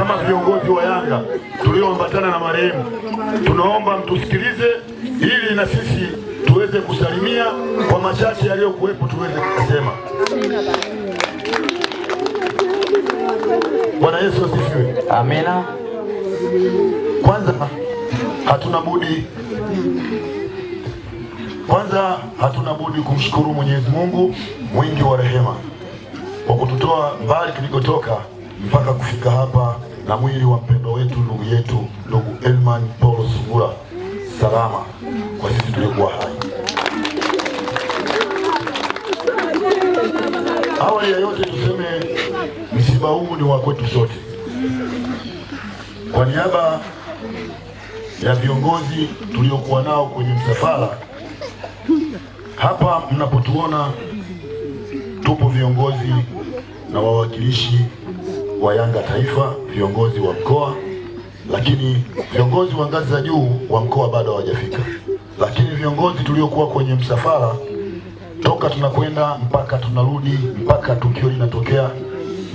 Kama viongozi wa Yanga tulioambatana na marehemu, tunaomba mtusikilize, ili na sisi tuweze kusalimia kwa machache yaliyokuwepo, tuweze kusema. Bwana Yesu asifiwe, amina. Kwanza hatuna budi, kwanza hatuna budi kumshukuru Mwenyezi Mungu mwingi wa rehema kwa kututoa mbali kilikotoka mpaka kufika hapa na mwili wa mpendo wetu ndugu yetu ndugu Elman Paul Sugura salama kwa sisi tuliokuwa hai. Awali ya yote, tuseme msiba huu ni wa kwetu sote. Kwa niaba ya viongozi tuliokuwa nao kwenye msafara hapa, mnapotuona tupo viongozi na wawakilishi wa Yanga Taifa, viongozi wa mkoa, lakini viongozi wa ngazi za juu wa mkoa bado hawajafika, lakini viongozi tuliokuwa kwenye msafara toka tunakwenda mpaka tunarudi mpaka tukio linatokea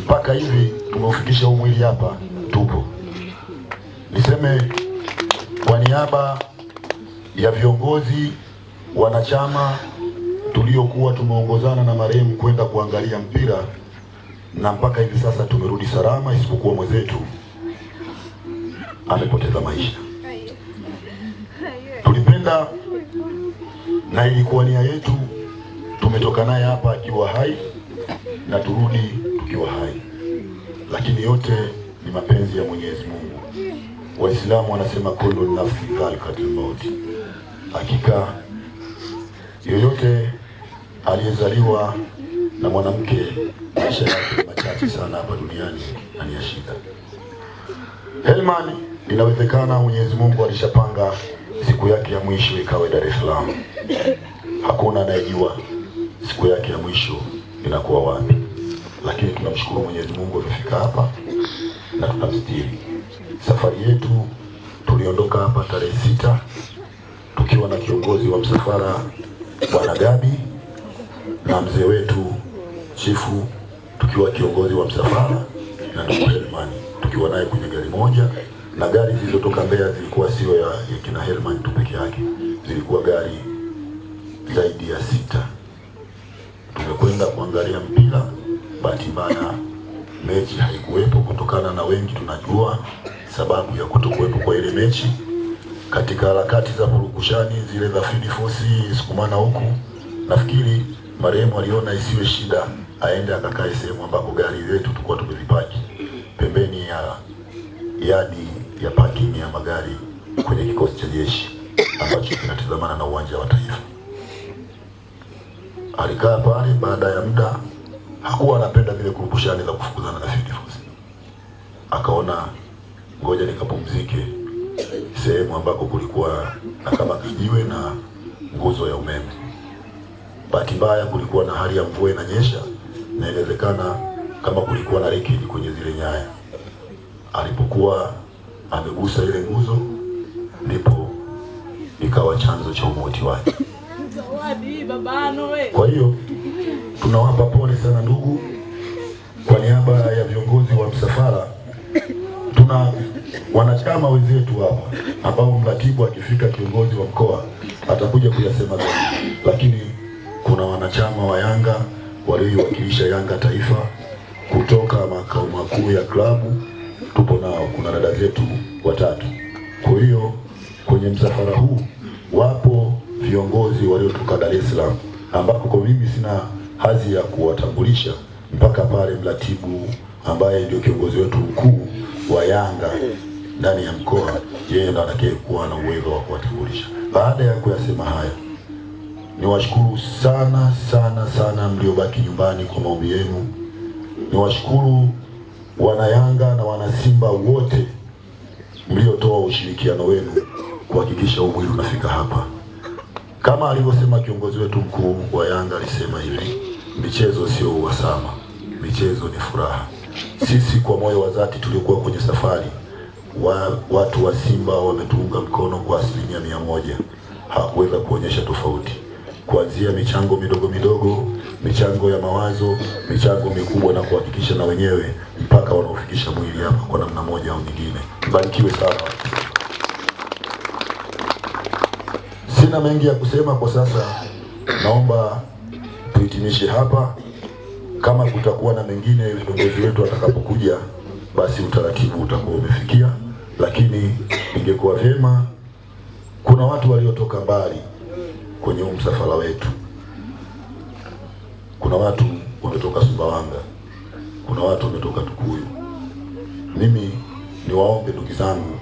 mpaka hivi tumeufikisha huu mwili hapa, tupo. Niseme kwa niaba ya viongozi wanachama tuliokuwa tumeongozana na marehemu kwenda kuangalia mpira na mpaka hivi sasa tumerudi salama, isipokuwa mwenzetu amepoteza maisha. Tulipenda na ilikuwa nia yetu, tumetoka naye hapa akiwa hai na turudi tukiwa hai, lakini yote ni mapenzi ya Mwenyezi Mungu. Waislamu wanasema kullu nafsi dhaikatul mauti, hakika yoyote aliyezaliwa na mwanamke maisha yake machache sana hapa duniani aniyashika. Helman, inawezekana Mwenyezi Mungu alishapanga siku yake ya mwisho ikawe Dar es Salaam. Hakuna anayejua siku yake ya mwisho inakuwa wapi, lakini tunamshukuru Mwenyezi Mungu amefika hapa na tunamstiri. Safari yetu tuliondoka hapa tarehe sita tukiwa na kiongozi wa msafara Bwana Gabi na mzee wetu chifu tukiwa kiongozi wa msafara na ndugu Herman tukiwa naye kwenye gari moja, na gari zilizotoka Mbeya zilikuwa sio ya, ya kina Herman tu peke yake, zilikuwa gari zaidi ya sita. Tumekwenda kuangalia mpira, bahati mbaya mechi haikuwepo kutokana na wengi tunajua sababu ya kutokuwepo kwa ile mechi. Katika harakati za purukushani zile za fidifosi sukumana huku, nafikiri marehemu aliona isiwe shida aende akakae sehemu ambapo gari zetu tulikuwa tumezipaki pembeni ya yadi ya parking ya magari kwenye kikosi cha jeshi ambacho kinatazamana na uwanja wa Taifa. Alikaa pale, baada ya muda hakuwa anapenda vile kurukushani za kufukuzana na field force, akaona ngoja nikapumzike sehemu ambako kulikuwa na kama kijiwe na nguzo ya umeme. Bahati mbaya kulikuwa na hali ya mvua inanyesha inaelezekana kama kulikuwa na rekidi kwenye zile nyaya, alipokuwa amegusa ile nguzo, ndipo ikawa chanzo cha umauti wake. Kwa hiyo tunawapa pole sana ndugu, kwa niaba ya viongozi wa msafara. Tuna wanachama wenzetu hapa ambao mratibu akifika, kiongozi wa mkoa atakuja kuyasema zaidi, lakini kuna wanachama wa Yanga walioiwakilisha Yanga Taifa kutoka makao makuu ya klabu tupo nao, kuna dada zetu watatu. Kwa hiyo kwenye msafara huu wapo viongozi waliotoka Dar es Salaam, ambako kwa mimi sina hadhi ya kuwatambulisha mpaka pale mratibu ambaye ndio kiongozi wetu mkuu wa Yanga ndani ya mkoa, yeye ndo anataka kuwa na uwezo wa kuwatambulisha. Baada ya kuyasema haya Niwashukuru sana sana sana mliobaki nyumbani kwa maombi yenu. Niwashukuru wanayanga na wanasimba wote mliotoa ushirikiano wenu kuhakikisha huu mwili unafika hapa. Kama alivyosema kiongozi wetu mkuu wa Yanga, alisema hivi, michezo sio uhasama, michezo ni furaha. Sisi kwa moyo wa dhati tuliokuwa kwenye safari wa, watu wa Simba wametuunga mkono kwa asilimia mia moja, hakuweza kuonyesha tofauti kuanzia michango midogo midogo, michango ya mawazo, michango mikubwa, na kuhakikisha na wenyewe mpaka wanaofikisha mwili hapa kwa namna moja au nyingine. Mbarikiwe sana. Sina mengi ya kusema kwa sasa, naomba tuhitimishe hapa. Kama kutakuwa na mengine, viongozi wetu atakapokuja, basi utaratibu utakuwa umefikia, lakini ingekuwa vyema kuna watu waliotoka mbali kwenye huu msafara wetu. Kuna watu wametoka Sumbawanga, kuna watu wametoka Tukuyu. Mimi niwaombe ndugu zangu,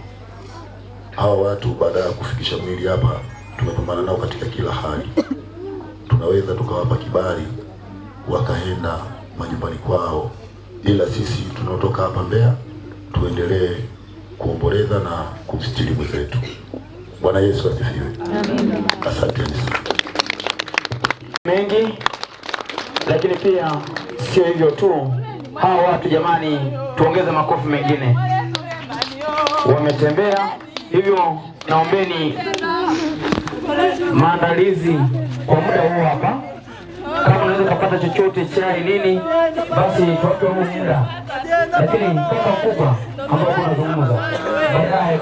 hawa watu baada ya kufikisha mwili hapa, tumepambana nao katika kila hali. Tunaweza tukawapa kibali wakaenda majumbani kwao, ila sisi tunaotoka hapa Mbeya tuendelee kuomboleza na kumstiri mwenzetu. Bwana Yesu asifiwe. Amen. Asanteni sana. Mengi lakini pia sio hivyo tu, hawa watu jamani, tuongeze makofi mengine, wametembea hivyo. Naombeni maandalizi kwa muda huu hapa, kama unaweza kupata chochote, chai nini, basi tuape muda, lakini pesa kubwa ambayo tunazungumza baadaye